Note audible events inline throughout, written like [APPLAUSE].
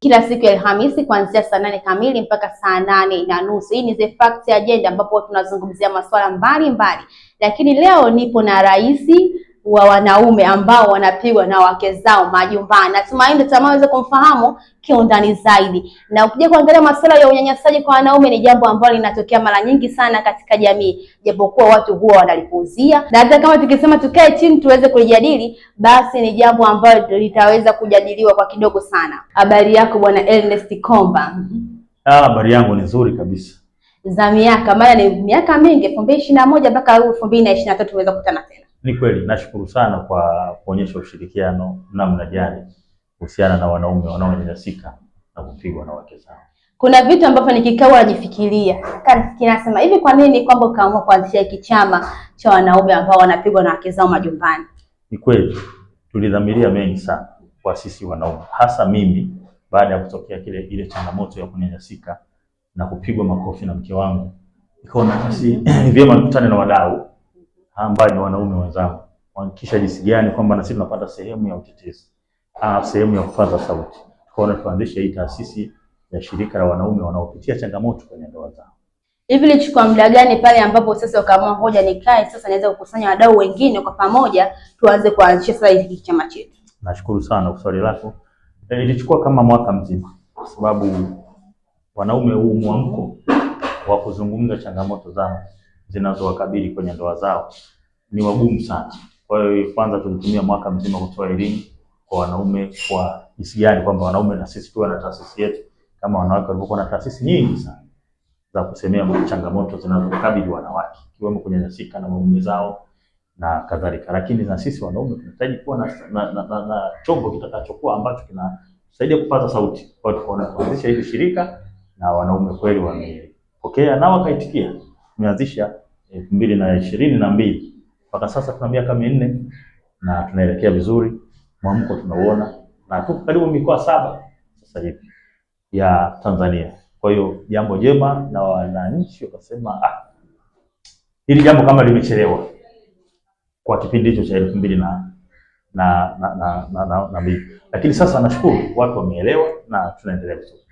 kila siku ya Alhamisi kuanzia saa nane kamili mpaka saa nane na nusu. Hii ni The Fact Agenda ambapo tunazungumzia masuala mbalimbali, lakini leo nipo na Rais wa wanaume ambao wanapigwa na wake zao majumbani. Natumaini mtazamaji aweze kumfahamu kiundani zaidi. Na ukija kuangalia masuala ya unyanyasaji kwa wanaume, ni jambo ambalo linatokea mara nyingi sana katika jamii, japokuwa watu huwa wanalipuuzia, na hata kama tukisema tukae chini tuweze kulijadili, basi ni jambo ambalo litaweza kujadiliwa kwa kidogo sana. Habari yako bwana Ernest Komba? Ah, habari yangu ni nzuri kabisa. Za miaka maana ni miaka mingi, elfu mbili ishirini na moja mpaka elfu mbili na ishirini na tatu tumeweza kukutana tena ni kweli, nashukuru sana kwa kuonyesha ushirikiano namna gani kuhusiana na wanaume wanaonyanyasika na kupigwa na wake zao. Kuna vitu ambavyo nikikaa najifikiria, kinasema hivi, kwa nini kwamba ukaamua kuanzisha hiki chama cha wanaume ambao wanapigwa na wake zao majumbani? Ni kweli tulidhamiria mengi sana kwa sisi wanaume, hasa mimi baada ya kutokea kile ile changamoto ya kunyanyasika na kupigwa makofi na mke wangu, ikaona sisi [CLEARS THROAT] vyema nikutane na wadau ambao ni wanaume wenzangu kuhakikisha jinsi gani kwamba na sisi tunapata sehemu ya utetezi ah, sehemu ya kupaza sauti. Tukaona tuanzishe hii taasisi ya shirika la wanaume wanaopitia changamoto kwenye ndoa zao. Hivi ilichukua muda gani pale ambapo sasa ukaamua hoja nikae sasa naweza kukusanya wadau wengine kwa pamoja tuanze kuanzisha sasa hiki chama chetu? Nashukuru sana kwa swali lako. E, ilichukua kama mwaka mzima kwa sababu wanaume huu mwamko wa kuzungumza changamoto zao zinazowakabili kwenye ndoa zao ni wagumu sana. Kwa hiyo kwanza tulitumia mwaka mzima kutoa elimu kwa wanaume kwa jinsi gani kwamba wanaume na sisi tuwe na taasisi yetu kama wanawake walivyokuwa na taasisi nyingi sana za kusemea changamoto zinazokabili wanawake ikiwemo kunyanyasika na maume zao na kadhalika, lakini na sisi wanaume tunahitaji kuwa na, na, na, na, na chombo kitakachokuwa ambacho kinasaidia kupata sauti. Kwa hiyo kuanzisha hili shirika na wanaume kweli wamepokea na wakaitikia tumeanzisha elfu mbili na ishirini na mbili mpaka sasa tuna miaka minne na tunaelekea vizuri, mwamko tunauona na tuko karibu mikoa saba sasa hivi ya Tanzania. Kwa hiyo jambo jema, na wananchi wakasema ah, hili jambo kama limechelewa kwa kipindi hicho cha elfu mbili na na na na, na, na, na, na, lakini sasa nashukuru watu wameelewa na tunaendelea vizuri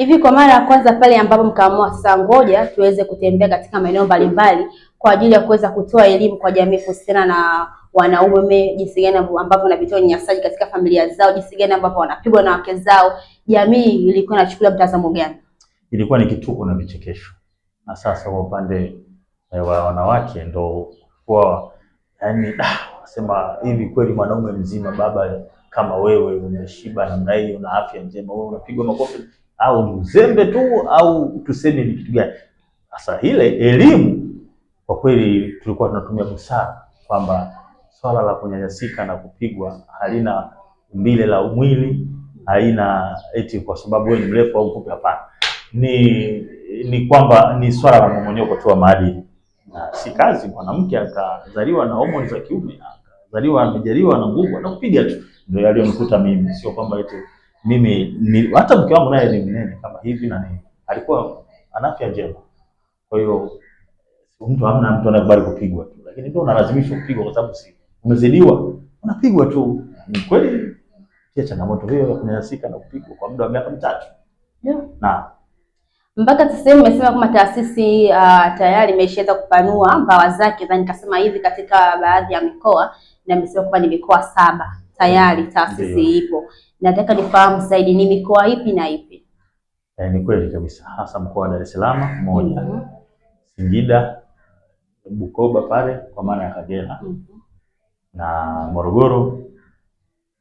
Hivi kwa mara ya kwanza pale ambapo mkaamua sasa, ngoja tuweze kutembea katika maeneo mbalimbali kwa ajili ya kuweza kutoa elimu kwa jamii kuhusiana na wanaume, jinsi gani ambavyo wanapitia unyanyasaji katika familia zao, jinsi gani ambavyo wanapigwa na wake zao, jamii ilikuwa inachukulia mtazamo gani? Ilikuwa ni kituko na vichekesho, na sasa kwa upande eh, wa wanawake ndo kwa yani, ah, sema hivi kweli mwanaume mzima, baba kama wewe, umeshiba namna hiyo una afya njema, wewe unapigwa makofi au ni uzembe tu au tuseme ni kitu gani? Sasa ile elimu kwa kweli tulikuwa tunatumia busara kwamba swala la kunyanyasika na kupigwa halina umbile la mwili, haina eti kwa sababu wewe ni mrefu au mfupi. Hapana, ni ni kwamba ni swala la mmomonyoko tu wa maadili, na si kazi. Mwanamke akazaliwa na homoni za kiume, akazaliwa amejaliwa na nguvu, anakupiga tu. Ndio yaliyomkuta mimi, sio kwamba eti mimi ni, hata mke wangu naye ni mnene kama hivi na nini, alikuwa ana afya njema. Kwa hiyo mtu hamna mtu anakubali kupigwa tu, lakini ndio unalazimishwa kupigwa kwa sababu si umezidiwa, unapigwa tu. Ni kweli pia changamoto hiyo ya kunyanyasika na kupigwa kwa muda wa miaka mitatu yeah. na mpaka sasa hivi imesema kwamba taasisi uh, tayari imeshaanza kupanua mbawa zake na nikasema hivi katika baadhi ya mikoa, na imesema kwamba ni mikoa saba tayari taasisi ipo nataka nifahamu zaidi ni mikoa ipi na ipi? Eh, ni kweli kabisa, hasa mkoa wa Dar es Salaam moja, mm -hmm. Singida, Bukoba pale kwa maana ya Kagera mm -hmm. na Morogoro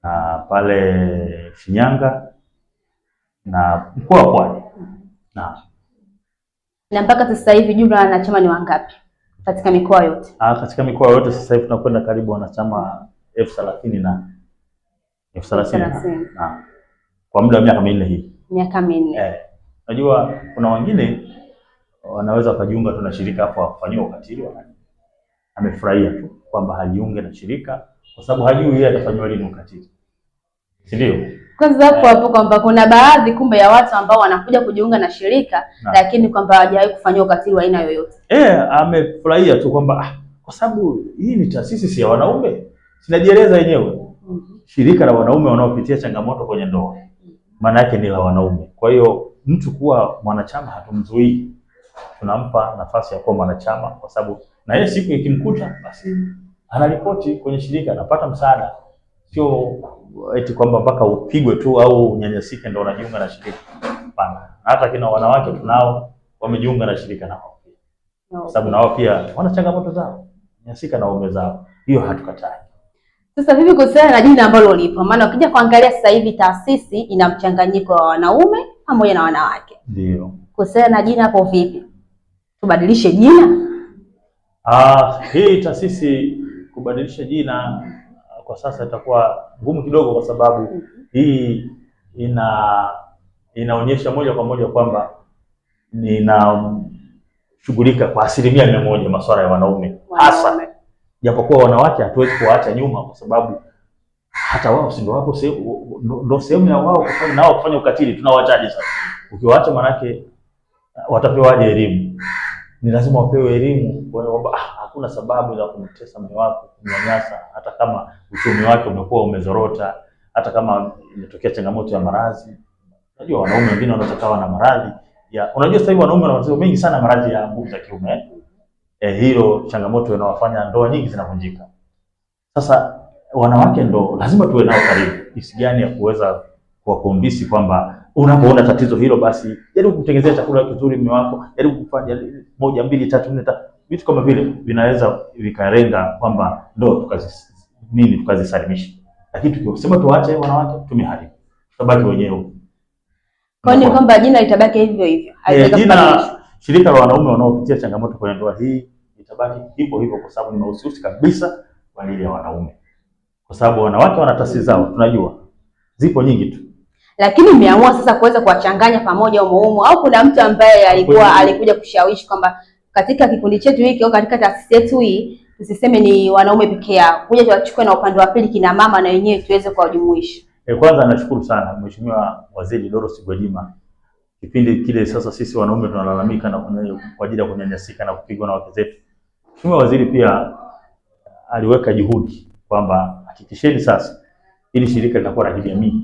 na pale Shinyanga na mkoa wa Pwani mm -hmm. na mpaka sasa hivi jumla wanachama ni wangapi katika mikoa yote? Ah, katika mikoa yote sasa hivi tunakwenda karibu wanachama elfu thelathini na elfu thelathini kwa muda wa miaka minne hii. Miaka minne. Eh. Unajua kuna wengine wanaweza wakajiunga tu na shirika hapo kufanyiwa ukatili, amefurahia tu kwamba hajiunge na shirika kwa sababu hajui yeye atafanyiwa lini ukatili, si ndio? Kwanza hapo eh. hapo kwamba kuna baadhi kumbe ya watu ambao wanakuja kujiunga na shirika na, lakini kwamba hawajawahi kufanyiwa ukatili wa aina yoyote. Eh, amefurahia tu kwamba ah, kwa sababu hii ni taasisi si ya wanaume, sinajieleza yenyewe. mm -hmm shirika la wanaume wanaopitia changamoto kwenye ndoa, maana yake ni la wanaume. Kwa hiyo mtu kuwa mwanachama hatumzuii, tunampa nafasi ya kuwa mwanachama, kwa sababu na yeye siku ikimkuta basi anaripoti kwenye shirika, anapata msaada, sio eti kwamba mpaka upigwe tu au unyanyasike ndio unajiunga na shirika. Hapana, hata kina wanawake tunao wamejiunga na shirika nao pia, sababu nao pia wana changamoto zao, nyasika na ume zao, hiyo hatukatai. Sasa vipi kuhusiana na jina ambalo lipo? Maana ukija kuangalia sasa hivi taasisi ina mchanganyiko wa wanaume pamoja na wanawake. Ndio. Kuhusiana na jina hapo vipi? Tubadilishe jina? Ah, hii taasisi kubadilisha jina ah, kwa sasa itakuwa ngumu kidogo kwa sababu hii ina inaonyesha moja kwa moja kwamba ninashughulika kwa asilimia mia moja masuala ya wanaume hasa japokuwa wanawake hatuwezi kuwaacha nyuma, kwa sababu hata wao si ndio wapo, ndio sehemu ya wao kufanya nao kufanya ukatili. Tunawaachaje sasa? Ukiwaacha manake uh, watapewaje elimu? Ni lazima wapewe elimu kwamba ah, hakuna sababu za kumtesa mume wako, kumnyanyasa, hata kama uchumi wake umekuwa umezorota, hata kama imetokea changamoto ya maradhi. Unajua wanaume wengine wanatakawa na maradhi ya, unajua sasa hivi wanaume wana matatizo mengi sana maradhi ya nguvu za kiume eh, hilo changamoto inawafanya ndoa nyingi zinavunjika. Sasa wanawake ndo lazima tuwe nao karibu, jinsi gani ya kuweza kuwakombisi kwamba unapoona tatizo hilo, basi jaribu kutengenezea chakula kizuri mume wako, jaribu kufanya moja mbili tatu nne tatu, vitu kama vile vinaweza vikarenga kwamba ndo tukazi nini tukazisalimisha, lakini tukisema tuwaache wanawake tumeharibu, tutabaki wenyewe. kwani kwamba jina litabaki hivyo hivyo? E, jina shirika la wanaume wanaopitia changamoto kwenye ndoa hii itabaki hivyo hivyo, kwa sababu ni mahususi kabisa kwa ajili ya wanaume, kwa sababu wanawake wana tasi zao, tunajua zipo nyingi tu, lakini mmeamua sasa kuweza kuwachanganya pamoja umo umo, au kuna mtu ambaye alikuwa alikuja kushawishi kwamba katika kikundi chetu hiki au katika taasisi yetu hii tusiseme ni wanaume peke yao, kuja tuwachukue na upande wa pili kina mama na wenyewe tuweze kuwajumuisha. E, kwanza nashukuru sana Mheshimiwa Waziri Dorothy Gwajima Kipindi kile sasa sisi wanaume tunalalamika na kwa ajili ya kunyanyasika na kupigwa na wake zetu. Mheshimiwa Waziri pia aliweka juhudi kwamba hakikisheni sasa ili shirika linakuwa la kijamii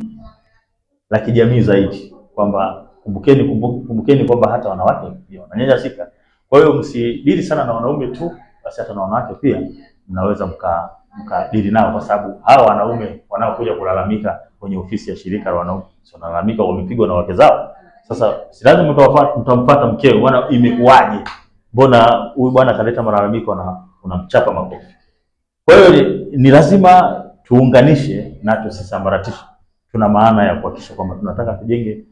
la kijamii zaidi, kwamba kumbukeni, kumbukeni kwamba hata wanawake pia wananyanyasika. Kwa hiyo msidili sana na wanaume tu, basi hata na wanawake pia mnaweza mka mkadili nao, kwa sababu hawa wanaume wanaokuja kulalamika kwenye ofisi ya shirika la wanaume wanalalamika wamepigwa na wake zao. Sasa si lazima mtamfuata mkeo, bwana, imekuwaje? Mbona huyu bwana akaleta malalamiko na unamchapa makofi? Kwa hiyo ni lazima tuunganishe na tusisambaratishe. Tuna maana ya kuhakikisha kwamba tunataka tujenge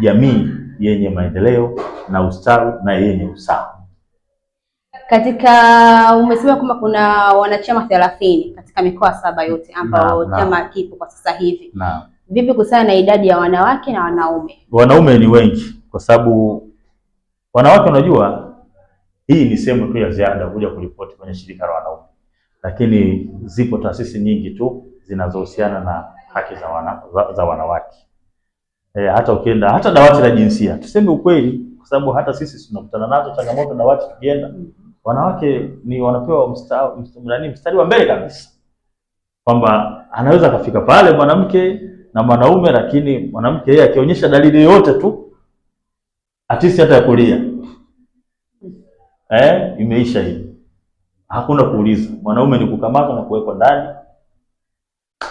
jamii yenye maendeleo na ustawi na yenye usawa. Katika umesema kwamba kuna wanachama thelathini katika mikoa saba yote ambao chama kipo kwa sasa hivi na Vipi kuhusiana na idadi ya wanawake na wanaume? Wanaume ni wengi kwa sababu wanawake, unajua hii ni sehemu tu ya ziada kuja kuripoti kwenye shirika la wanaume, lakini zipo taasisi nyingi tu zinazohusiana na haki za, wana, za, za wanawake e, hata ukienda hata dawati la jinsia, tuseme ukweli, kwa sababu hata sisi tunakutana nazo changamoto dawati tukienda Wanawake ni wanapewa mstari mstari wa mbele kabisa, kwamba anaweza akafika pale mwanamke na mwanaume, lakini mwanamke yeye akionyesha dalili yoyote tu atisi hata ya kulia eh, imeisha hii, hakuna kuuliza. Mwanaume ni kukamatwa na kuwekwa ndani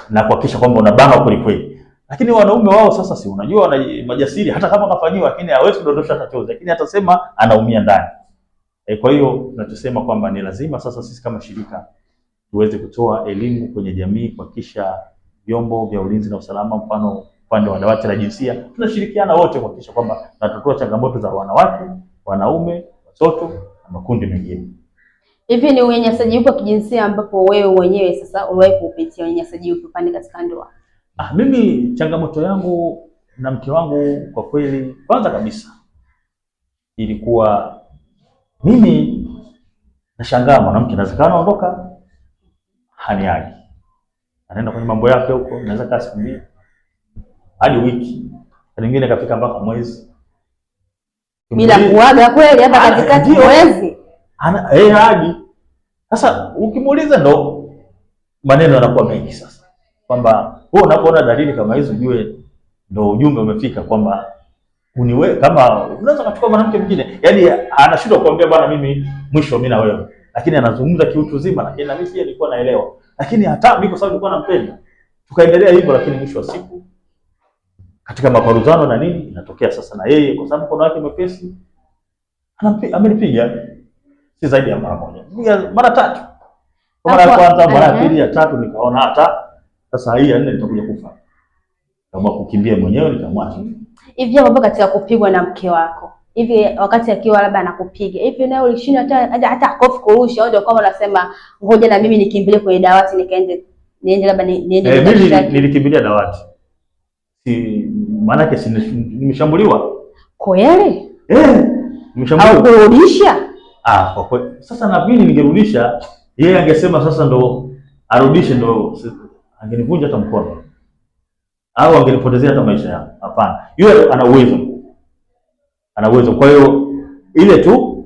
na kuhakikisha kwamba unabana kweli kweli. Lakini wanaume wao sasa, si unajua, wana majasiri, hata kama kafanyiwa, lakini hawezi kudondosha kachozi, lakini atasema anaumia ndani. E, kwa hiyo tunachosema kwamba ni lazima sasa sisi kama shirika tuweze kutoa elimu kwenye jamii kuhakikisha vyombo vya ulinzi na usalama, mfano upande wa dawati la jinsia, tunashirikiana wote kuhakikisha kwamba tunatatua changamoto za wanawake, wanaume, watoto na makundi mengine. Hivi ni unyanyasaji upi wa kijinsia ambapo wewe mwenyewe sasa uliwahi kupitia, unyanyasaji upi pale katika ndoa? Ah, mimi changamoto yangu na mke wangu kwa kweli, kwanza kabisa ilikuwa mimi nashangaa mwanamke anaweza kuondoka haniagi anaenda kwenye mambo yake huko, naweza kaa siku mbili hadi wiki, nyingine kafika mpaka mwezi bila kuaga kweli, hata katikati mwezi ana eh hadi sasa. Ukimuuliza ndo maneno yanakuwa mengi sasa, kwamba wewe unapoona dalili kama hizo ujue ndo ujumbe umefika, kwamba uniwe kama unaweza kuchukua mwanamke mwingine, yaani anashindwa kuambia bwana, mimi mwisho mimi na wewe lakini anazungumza kiutu zima, lakini na mimi pia nilikuwa naelewa, lakini hata mimi kwa sababu nilikuwa nampenda, tukaendelea hivyo, lakini mwisho wa siku katika maparuzano na nini inatokea sasa, na yeye kwa sababu mkono wake mepesi amenipiga si zaidi ya mara moja, mara tatu, kwa mara ya kwanza, mara ya pili, ya tatu, nikaona hata sasa hii ya nne nitakuja kufa, kama kukimbia mwenyewe nikamwacha. Hivi hapo katika kupigwa na mke wako hivi wakati akiwa labda anakupiga hivi, naye ulishindwa hata hata kofi kurusha, au ndio kama unasema ngoja na mimi nikimbilie kwenye dawati nikaende niende labda niende. Eh, mimi nilikimbilia dawati, si maana yake si nimeshambuliwa kweli eh, nimeshambuliwa au kurudisha. Ah, kwa kweli sasa, na mimi ningerudisha, yeye angesema sasa ndo arudishe, ndo angenivunja hata mkono au angenipotezea hata maisha yangu. Hapana, yule ana uwezo ana uwezo. Kwa hiyo ile tu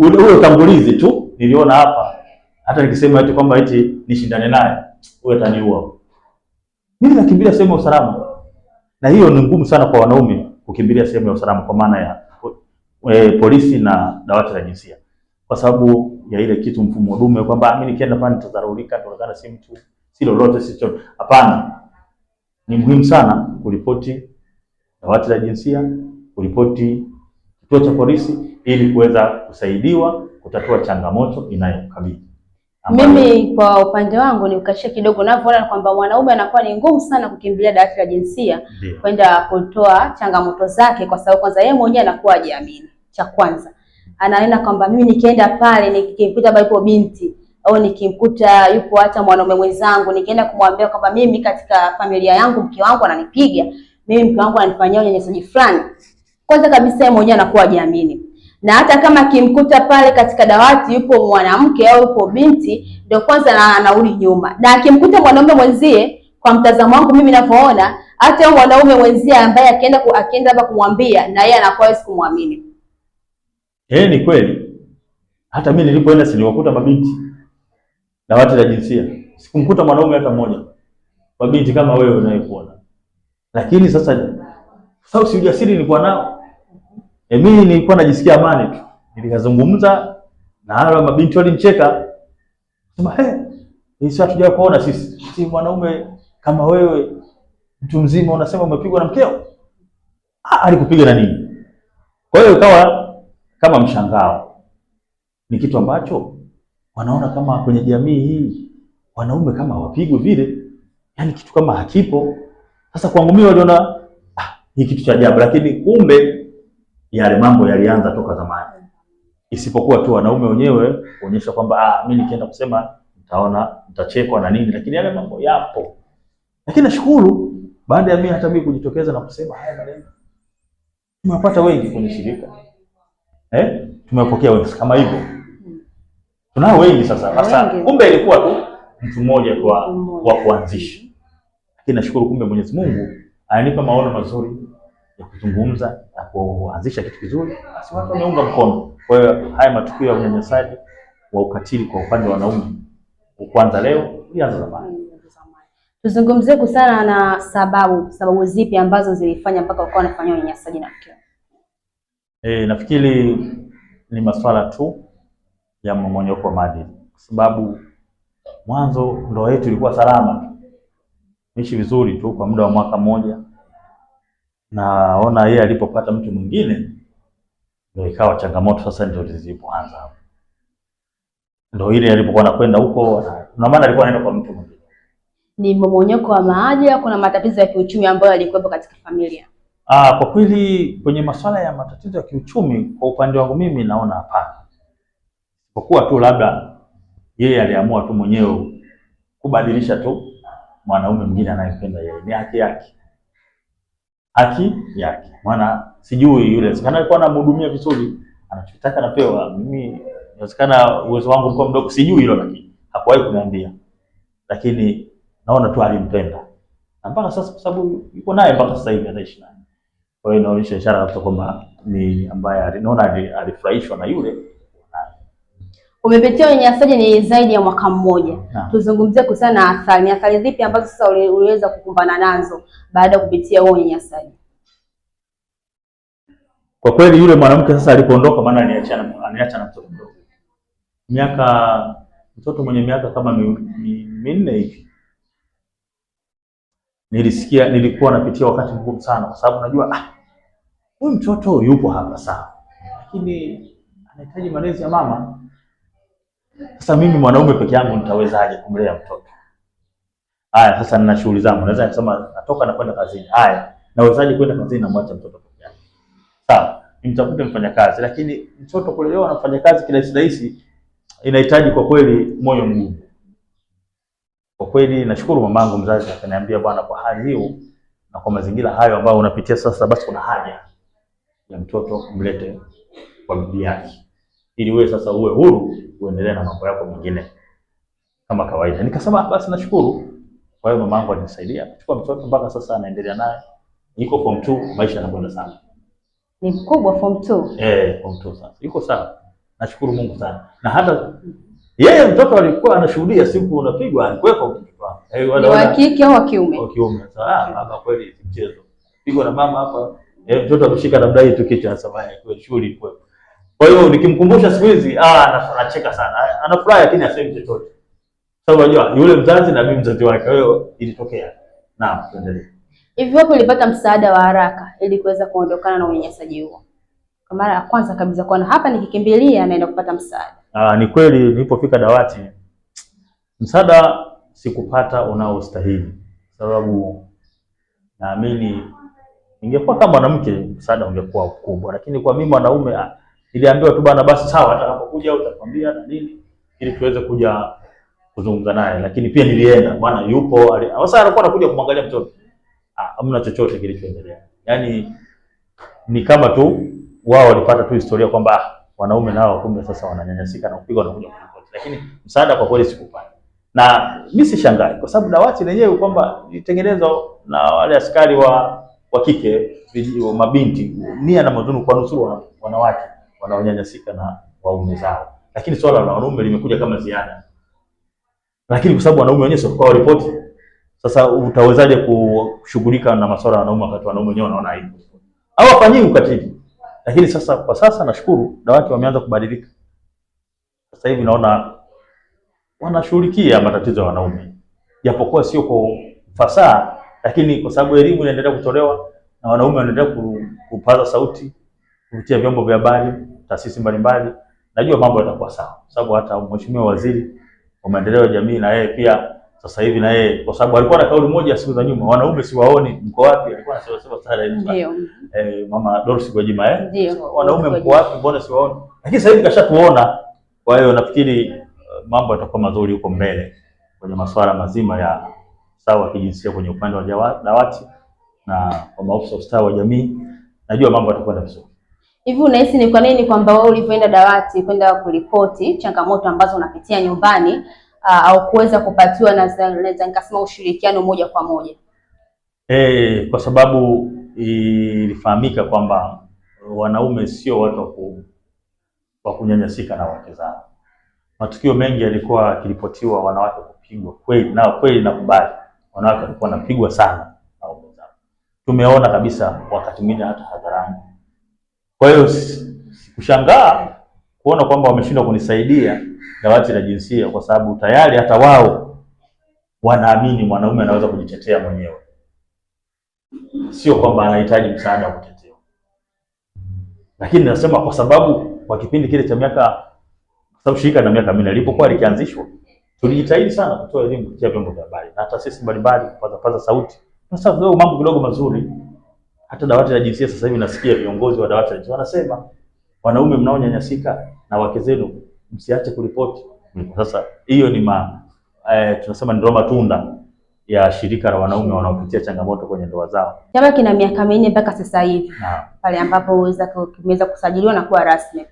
ule utangulizi tu niliona hapa, hata nikisema eti kwamba eti nishindane naye huyo ataniua. Mimi nakimbilia sehemu ya usalama, na hiyo ni ngumu sana kwa wanaume kukimbilia sehemu ya usalama, kwa maana ya e, polisi na dawati la jinsia, kwa sababu ya ile kitu mfumo dume kwamba ah, mimi nikienda pale nitadharaulika, ndio si mtu si lolote si chochote. Hapana, ni muhimu sana kuripoti dawati la jinsia kuripoti kituo cha polisi ili kuweza kusaidiwa kutatua changamoto inayokabili. Mimi kwa upande wangu ni ukashia kidogo navyoona kwamba mwanaume anakuwa ni ngumu sana kukimbilia dawati la jinsia kwenda kutoa changamoto zake, kwa sababu kwanza yeye mwenyewe anakuwa hajiamini. Cha kwanza anaona kwamba mimi nikienda pale nikimkuta bado yupo binti au nikimkuta yupo hata mwanaume mwenzangu, nikienda kumwambia kwamba mimi katika familia yangu mke wangu ananipiga mimi, mke wangu ananifanyia unyanyasaji fulani, kwanza kabisa yeye mwenyewe anakuwa ajiamini, na hata kama akimkuta pale katika dawati yupo mwanamke au yupo binti, ndio kwanza anarudi nyuma, na akimkuta mwanaume mwenzie, kwa mtazamo wangu mimi ninavyoona, hata yule mwanaume mwenzie ambaye akienda akienda hapa kumwambia, na yeye anakuwa hawezi kumwamini. Eh, ni kweli. Hata mimi nilipoenda siliwakuta mabinti dawati la jinsia, sikumkuta mwanaume hata mmoja, mabinti kama wewe unayekuona. Lakini sasa sasa, si ujasiri nilikuwa nao E, mimi nilikuwa najisikia amani tu, nilikazungumza na hao mabinti walimcheka, sema hey, sisi hatuja kuona sisi si mwanaume kama wewe, mtu mzima unasema umepigwa na mkeo. Ah, alikupiga na nini? Kwa hiyo ikawa kama mshangao, ni kitu ambacho wanaona kama kwenye jamii hii wanaume kama hawapigwi vile, yaani kitu kama hakipo. Sasa kwangu mimi waliona ah, ni kitu cha ajabu, lakini kumbe yale mambo yalianza toka zamani, mm. isipokuwa tu wanaume wenyewe kuonyesha kwamba ah, mimi nikienda kusema nitaona nitachekwa na nini, lakini yale mambo yapo. Lakini nashukuru baada ya mimi hata mimi kujitokeza na kusema haya maneno, tumepata wengi kwenye shirika eh, tumepokea wengi kama hivyo, mm. tunao wengi sasa. Hasa kumbe ilikuwa tu mtu mmoja kwa, kwa kuanzisha, lakini nashukuru kumbe Mwenyezi Mungu ananipa maono mazuri ya kuzungumza na kuanzisha kitu kizuri, basi watu wameunga mkono. Kwa hiyo haya matukio ya unyanyasaji wa ukatili kwa upande wa wanaume kwanza leo ilianza zamani. Tuzungumzie kuhusiana na sababu, sababu zipi ambazo zilifanya mpaka wakawa wanafanyia unyanyasaji na mkeo? E, nafikiri ni masuala tu ya mmomonyoko wa maadili, kwa sababu mwanzo ndoa yetu ilikuwa salama, mishi vizuri tu kwa muda wa mwaka mmoja naona yeye alipopata mtu mwingine ndio ikawa changamoto sasa, ndio zilipoanza, ndio ile alipokuwa anakwenda huko, na maana alikuwa anaenda kwa mtu mwingine. Ni mmomonyoko wa maadili, kuna matatizo ya kiuchumi ambayo yalikuwepo katika familia. Ah, kwa kweli kwenye masuala ya matatizo ya kiuchumi kwa upande wangu mimi naona hapana, isipokuwa tu labda yeye aliamua tu mwenyewe kubadilisha tu mwanaume mwingine anayempenda yeye, ni haki yake haki yake. Maana sijui yule sikana alikuwa anamhudumia vizuri, anachotaka napewa mimi, inawezekana uwezo wangu ulikuwa mdogo, sijui hilo, lakini hakuwahi kuniambia, lakini naona tu alimpenda mpaka sasa, kwa sababu yuko naye mpaka sasa hivi anaishi naye. Kwa hiyo inaonyesha ishara kwamba ni ambaye alinaona alifurahishwa na yule umepitia unyanyasaji ni zaidi ya mwaka mmoja, tuzungumzie kuhusiana na athari. Ni athari zipi ambazo sasa uliweza kukumbana nazo baada ya kupitia huo unyanyasaji? Kwa kweli yule mwanamke sasa alipoondoka, maana aniacha na mtoto mdogo, miaka mtoto mwenye miaka kama minne hivi nilisikia nilikuwa napitia wakati mgumu sana, kwa sababu najua ah, huyu mtoto yupo hapa sawa, lakini anahitaji malezi ya mama. Sasa mimi mwanaume peke yangu nitawezaje kumlea mtoto? Haya, sasa nina shughuli zangu. Naweza kusema natoka na kwenda kazini. Haya, nawezaje kwenda kazini na mwacha mtoto peke yake? Sawa, nimtafute mfanyakazi, lakini mtoto kulelewa na mfanyakazi kirahisi rahisi inahitaji kwa kweli moyo mgumu. Kwa kweli nashukuru mamangu mzazi akaniambia, bwana, kwa hali hiyo na kwa mazingira hayo ambayo unapitia sasa, basi kuna haja ya mtoto mlete kwa bibi yake ili wewe sasa uwe huru uendelee na mambo yako mengine kama kawaida. Nikasema basi nashukuru. Kwa hiyo mamangu alinisaidia kuchukua mtoto mpaka sasa anaendelea naye, yuko form 2, maisha yanakwenda sana. Ni mkubwa form 2. Eh, form 2 sasa yuko sawa, nashukuru Mungu sana, na hata yeye mtoto alikuwa anashuhudia siku unapigwa, alikuwepo. Hey, eh, wa kike au wa kiume? Wa kiume. Ah, baba kweli mchezo. Pigwa na mama hapa. Eh, mtoto ameshika namna hii tu kichwa anasema eh, kweli shughuli kweli. Kwa hiyo nikimkumbusha siku hizi ah, anacheka sana, anafurahi lakini asemi chochote, sababu unajua yule mzazi na mimi mzazi wake. Kwa hiyo ilitokea. Naam, tuendelee. Hivi hapo nilipata msaada wa haraka ili kuweza kuondokana na unyanyasaji huo. Kwa mara ya kwanza kabisa, kwa hapa nikikimbilia naenda kupata msaada. Ah, ni kweli nilipofika dawati msaada sikupata unaostahili, sababu naamini ingekuwa kama mwanamke msaada ungekuwa mkubwa, lakini kwa mimi mwanaume ah, Niliambiwa tu bana, basi sawa, atakapokuja utakwambia na nini, ili tuweze kuja kuzungumza naye. Lakini pia nilienda, bwana yupo sasa, alikuwa anakuja kumwangalia mtoto. Ah, hamna chochote kilichoendelea, yaani ni kama tu wao walipata tu historia kwamba ah, wanaume nao kumbe sasa wananyanyasika na kupigwa na kuja kuripoti, lakini msaada kwa kweli sikupata, na mimi si sishangai kwa sababu dawati lenyewe kwamba litengenezwa na wale askari wa wa kike mabinti, nia na mazunu kwa nusuru wanawake wanaonyanyasika na waume zao, lakini swala la wanaume limekuja kama ziada, lakini kwa sababu wanaume wenyewe sio kwa ripoti. Sasa utawezaje kushughulika na masuala ya wanaume wakati wanaume wenyewe wanaona aibu au wafanyii ukatili? Lakini sasa kwa sasa nashukuru dawati wameanza kubadilika, sasa hivi naona wanashughulikia matatizo ya wanaume, japokuwa sio kwa fasaha, lakini kwa sababu elimu inaendelea kutolewa na wanaume wanaendelea kupaza sauti kupitia vyombo vya habari, taasisi mbalimbali, najua mambo yatakuwa sawa, sababu hata mheshimiwa waziri wa maendeleo ya jamii na yeye pia sasa hivi na yeye kwa sababu alikuwa na kauli moja siku za nyuma, wanaume siwaoni mko wapi? Alikuwa anasema sema sana hivi eh, mama Dorothy Gwajima eh, ndio wanaume mko wapi, mbona siwaoni? Lakini sasa hivi kashatuona. Kwa hiyo nafikiri eh, mambo yatakuwa mazuri huko mbele kwenye masuala mazima ya usawa wa kijinsia kwenye upande wa dawati na kwa maafisa ustawi wa jamii, najua mambo yatakwenda vizuri. Hivi unahisi ni kwa nini kwamba wewe ulivyoenda dawati kwenda kuripoti changamoto ambazo unapitia nyumbani uh, au kuweza kupatiwa naweza nikasema ushirikiano moja kwa moja? E, kwa sababu ilifahamika kwamba wanaume sio watu wa kunyanyasika na wake zao. Matukio mengi yalikuwa yakiripotiwa wanawake kupigwa, kweli na kweli nakubali, wanawake walikuwa wanapigwa sana na wake zao. Tumeona kabisa wakati mwingine hata hadharani kwa hiyo sikushangaa kuona kwamba wameshindwa kunisaidia dawati la jinsia, kwa sababu tayari hata wao wanaamini mwanaume anaweza kujitetea mwenyewe, sio kwamba anahitaji msaada wa kutetea. Lakini nasema kwa sababu kwa kipindi kile cha miaka, kwa sababu shirika na miaka minne lilipokuwa likianzishwa, tulijitahidi sana kutoa elimu kupitia vyombo vya habari na taasisi mbalimbali, kupaza paza sauti, sasa mambo kidogo mazuri hata dawati la jinsia sasa hivi nasikia viongozi wa dawati la jinsia wanasema, wanaume mnaonyanyasika na wake zenu msiache kuripoti. Hmm. Sasa hiyo ni ma, eh, tunasema ni matunda ya shirika la wanaume wanaopitia changamoto kwenye ndoa zao. Chama kina miaka minne mpaka sasa hivi pale ambapo kimeweza kusajiliwa na kuwa rasmi.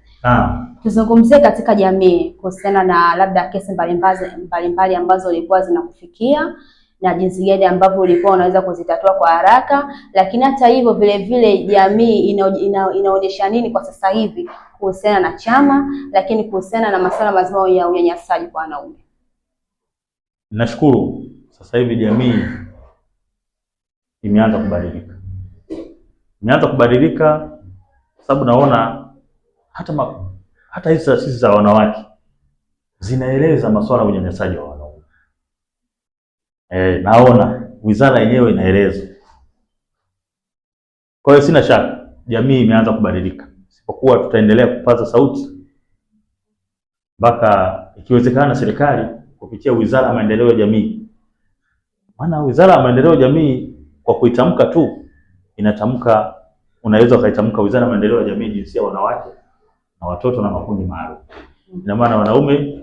Tuzungumzie katika jamii kuhusiana na labda kesi mbalimbali mbalimbali ambazo ulikuwa zinakufikia na jinsi gani ambavyo ulikuwa unaweza kuzitatua kwa haraka, lakini hata hivyo vile vile jamii ina, inaonyesha nini kwa sasa hivi kuhusiana na chama, lakini kuhusiana na masuala mazima ya unyanyasaji kwa wanaume. Nashukuru sasa hivi jamii imeanza kubadilika, imeanza kubadilika sababu naona hata ma, hata hizi taasisi za wanawake zinaeleza masuala ya unyanyasaji wa E, naona wizara yenyewe inaeleza. Kwa hiyo sina shaka jamii imeanza kubadilika, isipokuwa tutaendelea kupaza sauti mpaka ikiwezekana serikali kupitia wizara ya maendeleo ya jamii, maana wizara ya maendeleo ya jamii kwa kuitamka tu inatamka, unaweza ukaitamka wizara ya maendeleo ya jamii, jinsia, wanawake na watoto na makundi maalum, ina maana wanaume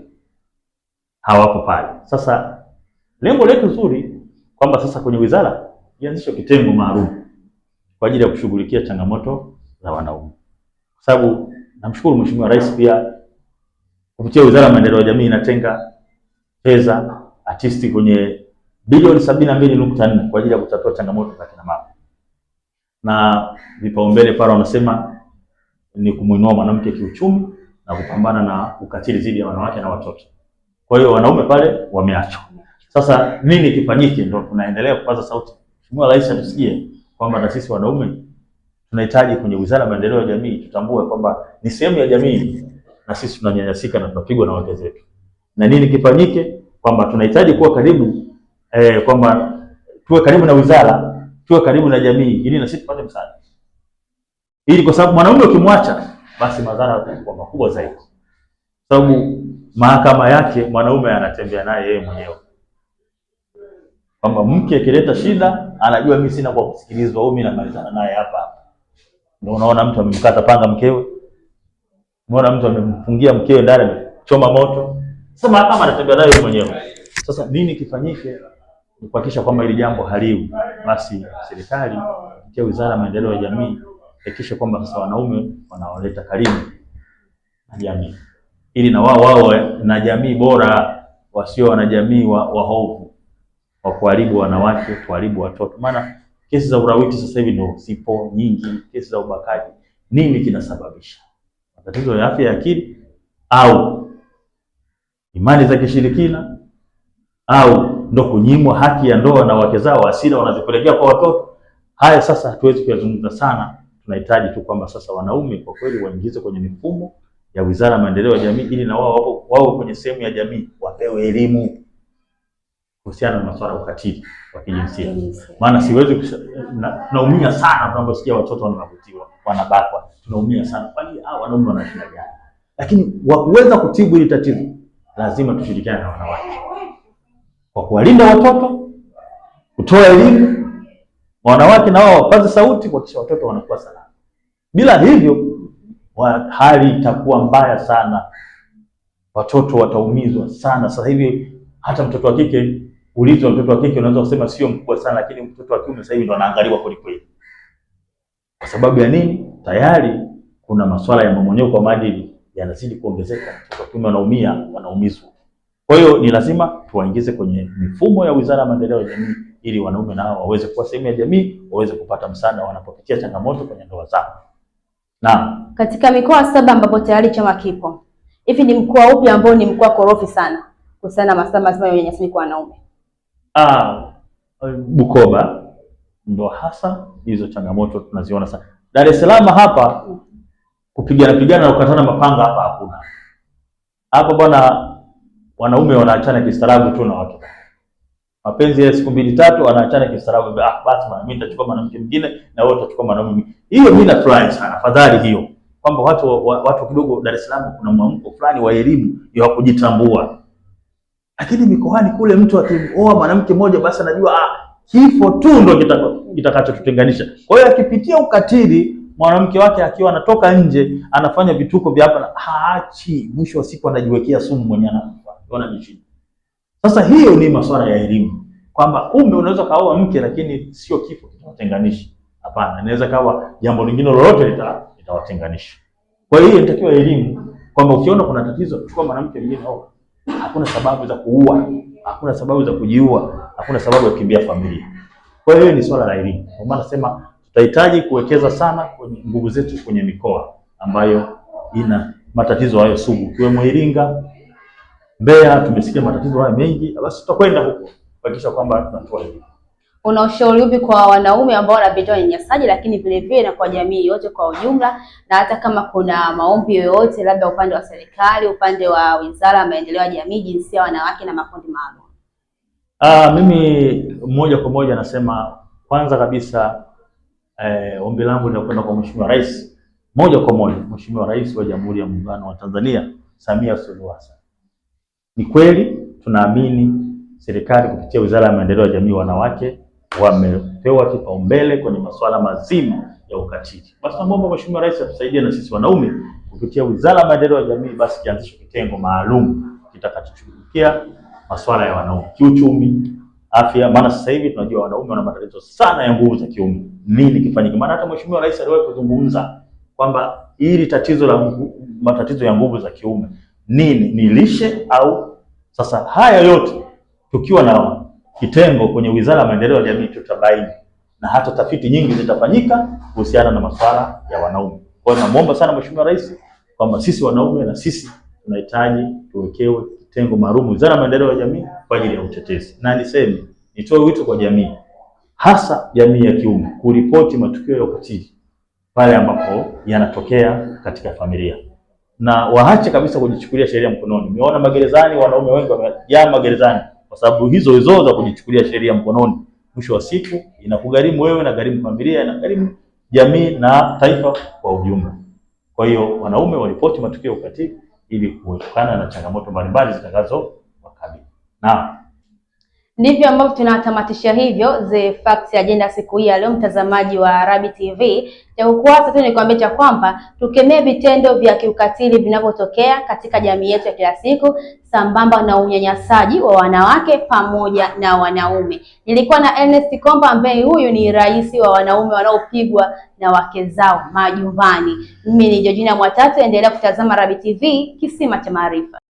hawako pale sasa Lengo letu zuri kwamba sasa kwenye wizara ianzishwe kitengo maalum kwa ajili ya kushughulikia changamoto za wanaume, kwa sababu namshukuru Mheshimiwa Rais pia kupitia Wizara ya Maendeleo ya Jamii inatenga fedha atisti kwenye bilioni sabini na mbili nukta nne kwa ajili ya kutatua changamoto za kina mama, na vipaumbele pale wanasema ni kumwinua mwanamke kiuchumi na kupambana na ukatili dhidi ya wanawake na watoto. Kwa hiyo wanaume pale wameachwa. Sasa nini kifanyike? Ndio tunaendelea kupaza sauti. Mheshimiwa Rais atusikie kwamba na sisi wanaume tunahitaji kwenye Wizara ya Maendeleo ya Jamii tutambue kwamba ni sehemu ya jamii na sisi tunanyanyasika na tunapigwa na wake zetu. Na nini kifanyike? Kwamba tunahitaji kuwa karibu eh, kwamba tuwe karibu na wizara, tuwe karibu na jamii ili na sisi tupate msaada. Ili kwa sababu mwanaume ukimwacha basi madhara yatakuwa makubwa zaidi. Sababu mahakama yake mwanaume anatembea naye yeye mwenyewe kwamba mke akileta shida anajua mimi sina kwa kusikilizwa, au mimi namalizana naye hapa Ndio unaona mtu amemkata panga mkewe, unaona mtu amemfungia mkewe ndani, choma moto. Sasa mahakama anatembea nayo mwenyewe. Sasa nini kifanyike kuhakikisha kwamba hili jambo haliwi? Basi serikali kupitia Wizara ya Maendeleo ya Jamii hakikisha kwamba sasa wanaume wanawaleta karibu na jamii, ili na wao wao na jamii bora, wasio wanajamii wa hofu wa kuharibu wanawake, kuharibu watoto. Maana kesi za urawiti sasa hivi ndio zipo nyingi, kesi za ubakaji. Nini kinasababisha? Matatizo ya afya ya akili au imani za kishirikina au ndo kunyimwa haki ya ndoa na wake zao, hasira wanazipelekea kwa watoto. Haya sasa hatuwezi kuyazungumza sana, tunahitaji tu kwamba sasa wanaume kwa kweli waingize kwenye mifumo ya Wizara ya Maendeleo ya Jamii ili na wao wao kwenye sehemu ya jamii wapewe elimu kuhusiana na masuala ya ukatili wa kijinsia. Ah, Maana siwezi tunaumia sana tunaposikia watoto wanavutiwa, wanabakwa. Tunaumia sana kwa nini hao wanaume wana shida gani? Lakini wa kuweza kutibu hili tatizo lazima tushirikiane na wanawake. Kwa kuwalinda watoto, kutoa elimu, wanawake na wao wapaze sauti kuhakikisha watoto wanakuwa salama. Bila hivyo wa, hali itakuwa mbaya sana, watoto wataumizwa sana. Sasa hivi hata mtoto wa kike ulizo mtoto wa kike unaweza kusema sio mkubwa sana, lakini mtoto wa kiume sasa hivi ndo anaangaliwa kweli kweli. Kwa sababu ya nini? Tayari kuna masuala ya mmomonyoko wa maadili yanazidi kuongezeka, watoto wa kiume anaumia, wanaumizwa. Kwa hiyo ni lazima tuwaingize kwenye mifumo ya Wizara ya Maendeleo ya Jamii ili wanaume nao waweze kuwa sehemu ya jamii, waweze kupata msaada wanapopitia changamoto kwenye ndoa zao. Na katika mikoa saba ambapo tayari chama kipo, hivi ni mkoa upi ambao ni mkoa korofi sana kuhusiana na masuala mazima ya unyanyasaji kwa wanaume? Ah, um, Bukoba, ndo hasa hizo changamoto tunaziona sana. Dar es Salaam hapa kupigana pigana na kukatana mapanga hapa hakuna. Hapa bwana, wanaume wanaachana kistaarabu tu na wake. Mapenzi ya siku mbili tatu, anaachana kistaarabu. Ah, basi mimi nitachukua mwanamke mwingine na wewe utachukua mwingine. Hiyo mimi nafurahi sana, afadhali hiyo kwamba watu watu kidogo Dar es Salaam kuna mwamko fulani wa elimu ya kujitambua. Lakini mikoani kule mtu akioa mwanamke mmoja, basi anajua ah, kifo tu ndo kitakachotutenganisha. Kwa hiyo akipitia ukatili mwanamke wake akiwa anatoka nje anafanya vituko vya hapa na haachi, mwisho wa siku anajiwekea sumu mwenye anajishinda. Sasa hiyo ni masuala ya elimu, kwamba kumbe unaweza kaoa mke lakini sio kifo kitawatenganisha. Hapana, inaweza kawa jambo lingine lolote litawatenganisha. Kwa hiyo inatakiwa elimu kwamba ukiona kuna tatizo, chukua mwanamke mwingine hakuna sababu za kuua, hakuna sababu za kujiua, hakuna sababu ya kukimbia familia. Kwa hiyo ni swala la elimu, kwa maana nasema tutahitaji kuwekeza sana kwenye nguvu zetu kwenye mikoa ambayo ina matatizo hayo sugu, kiwemo Iringa, Mbeya. Tumesikia matatizo hayo mengi, basi tutakwenda huko kuhakikisha kwamba tunatoa elimu una ushauri upi kwa wanaume ambao wanapitia unyanyasaji, lakini vile vile na kwa jamii yote kwa ujumla, na hata kama kuna maombi yoyote, labda upande wa serikali, upande wa Wizara ya Maendeleo ya Jamii, Jinsia, Wanawake na makundi maalum? Ah, mimi moja kwa moja nasema kwanza kabisa eh, ombi langu linakwenda kwa Mheshimiwa Rais moja kwa moja, Mheshimiwa Rais wa Jamhuri ya Muungano wa Tanzania Samia Suluhu Hassan. Ni kweli tunaamini serikali kupitia Wizara ya Maendeleo ya Jamii, Wanawake wamepewa kipaumbele kwenye masuala mazima ya ukatili. Basi naomba Mheshimiwa Rais atusaidie na sisi wanaume kupitia Wizara ya Maendeleo ya Jamii, basi kianzishwe kitengo maalum kitakachoshughulikia masuala ya wanaume kiuchumi, afya. Maana sasa hivi tunajua wanaume wana matatizo sana ya nguvu za kiume. Nini kifanyike? Maana hata Mheshimiwa Rais aliwahi kuzungumza kwamba hili tatizo la matatizo ya nguvu za kiume nini, ni lishe au? Sasa haya yote tukiwa na kitengo kwenye Wizara ya Maendeleo ya Jamii tutabaini, na hata tafiti nyingi zitafanyika kuhusiana na masuala ya wanaume. Kwa hiyo namwomba sana Mheshimiwa Rais kwamba sisi wanaume na sisi tunahitaji tuwekewe kitengo maalum Wizara ya Maendeleo ya Jamii kwa ajili ya utetezi. Na niseme nitoe wito kwa jamii, hasa jamii ya kiume, kuripoti matukio ya ukatili pale ambapo yanatokea katika familia na waache kabisa kujichukulia sheria mkononi. Nimeona magerezani wanaume wengi wamejaa magerezani kwa sababu hizo hizo za kujichukulia sheria mkononi, mwisho wa siku inakugharimu wewe, na garimu familia, inagharimu jamii na taifa kwa ujumla. Kwa hiyo wanaume waripoti matukio ya ukatili ili kuepukana na changamoto mbalimbali zitakazo wakabili na Ndivyo ambavyo tunatamatishia hivyo the facts agenda siku hii ya leo, mtazamaji wa Arabi TV. Cha kukuasa tu nikwambia cha kwamba tukemee vitendo vya kiukatili vinavyotokea katika jamii yetu ya kila siku, sambamba na unyanyasaji wa wanawake pamoja na wanaume. Nilikuwa na Ernest Komba ambaye huyu ni rais wa wanaume wanaopigwa na wake zao majumbani. Mimi ni Georgina Mwatatu, endelea kutazama Arabi TV, kisima cha maarifa.